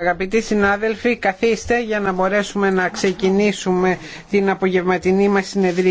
Αγαπητοί συνάδελφοι, καθίστε για να μπορέσουμε να ξεκινήσουμε την απογευματινή μας συνεδρία.